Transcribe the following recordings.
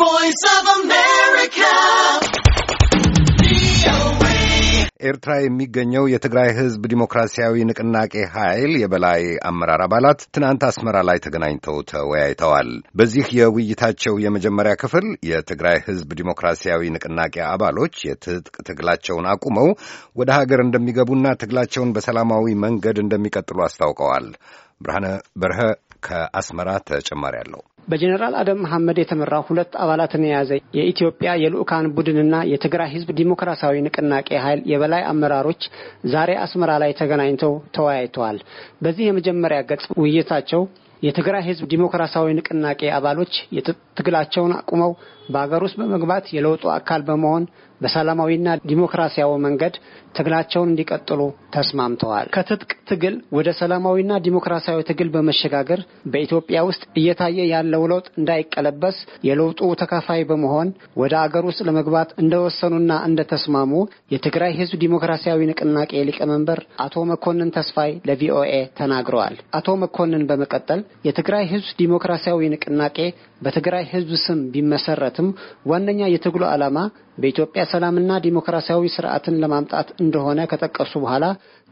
voice of America. ኤርትራ የሚገኘው የትግራይ ሕዝብ ዲሞክራሲያዊ ንቅናቄ ኃይል የበላይ አመራር አባላት ትናንት አስመራ ላይ ተገናኝተው ተወያይተዋል። በዚህ የውይይታቸው የመጀመሪያ ክፍል የትግራይ ሕዝብ ዲሞክራሲያዊ ንቅናቄ አባሎች የትጥቅ ትግላቸውን አቁመው ወደ ሀገር እንደሚገቡና ትግላቸውን በሰላማዊ መንገድ እንደሚቀጥሉ አስታውቀዋል። ብርሃነ በርሀ ከአስመራ ተጨማሪ አለው። በጀኔራል አደም መሐመድ የተመራው ሁለት አባላትን የያዘ የኢትዮጵያ የልዑካን ቡድንና የትግራይ ህዝብ ዲሞክራሲያዊ ንቅናቄ ኃይል የበላይ አመራሮች ዛሬ አስመራ ላይ ተገናኝተው ተወያይተዋል። በዚህ የመጀመሪያ ገጽ ውይይታቸው የትግራይ ህዝብ ዲሞክራሲያዊ ንቅናቄ አባሎች ትግላቸውን አቁመው በአገር ውስጥ በመግባት የለውጡ አካል በመሆን በሰላማዊና ዲሞክራሲያዊ መንገድ ትግላቸውን እንዲቀጥሉ ተስማምተዋል። ከትጥቅ ትግል ወደ ሰላማዊና ዲሞክራሲያዊ ትግል በመሸጋገር በኢትዮጵያ ውስጥ እየታየ ያለው ለውጥ እንዳይቀለበስ የለውጡ ተካፋይ በመሆን ወደ አገር ውስጥ ለመግባት እንደወሰኑና እንደተስማሙ የትግራይ ሕዝብ ዲሞክራሲያዊ ንቅናቄ ሊቀመንበር አቶ መኮንን ተስፋይ ለቪኦኤ ተናግረዋል። አቶ መኮንን በመቀጠል የትግራይ ሕዝብ ዲሞክራሲያዊ ንቅናቄ በትግራይ ሕዝብ ስም ቢመሰረትም ዋነኛ የትግሉ ዓላማ በኢትዮጵያ ሰላምና ዲሞክራሲያዊ ስርዓትን ለማምጣት እንደሆነ ከጠቀሱ በኋላ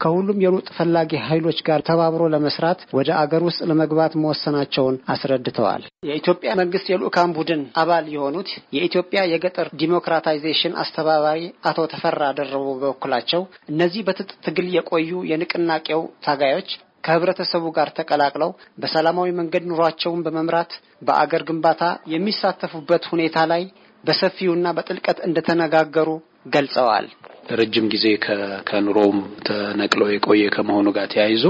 ከሁሉም የለውጥ ፈላጊ ኃይሎች ጋር ተባብሮ ለመስራት ወደ አገር ውስጥ ለመግባት መወሰናቸውን አስረድተዋል። የኢትዮጵያ መንግስት የልዑካን ቡድን አባል የሆኑት የኢትዮጵያ የገጠር ዲሞክራታይዜሽን አስተባባሪ አቶ ተፈራ ደረቡ በበኩላቸው እነዚህ በትጥ ትግል የቆዩ የንቅናቄው ታጋዮች ከህብረተሰቡ ጋር ተቀላቅለው በሰላማዊ መንገድ ኑሯቸውን በመምራት በአገር ግንባታ የሚሳተፉበት ሁኔታ ላይ በሰፊውና በጥልቀት እንደተነጋገሩ ገልጸዋል። ረጅም ጊዜ ከኑሮውም ተነቅሎ የቆየ ከመሆኑ ጋር ተያይዞ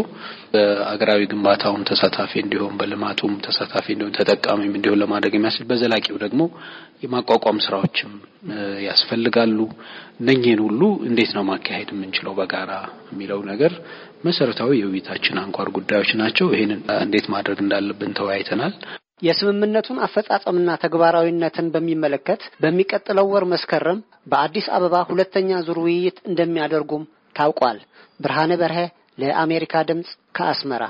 በአገራዊ ግንባታውም ተሳታፊ እንዲሆን በልማቱም ተሳታፊ እንዲሆን ተጠቃሚም እንዲሆን ለማድረግ የሚያስችል በዘላቂው ደግሞ የማቋቋም ስራዎችም ያስፈልጋሉ። እነኚህን ሁሉ እንዴት ነው ማካሄድ የምንችለው በጋራ የሚለው ነገር መሰረታዊ የውይይታችን አንኳር ጉዳዮች ናቸው። ይህንን እንዴት ማድረግ እንዳለብን ተወያይተናል። የስምምነቱን አፈጻጸምና ተግባራዊነትን በሚመለከት በሚቀጥለው ወር መስከረም በአዲስ አበባ ሁለተኛ ዙር ውይይት እንደሚያደርጉም ታውቋል። ብርሃነ በርሀ ለአሜሪካ ድምፅ ከአስመራ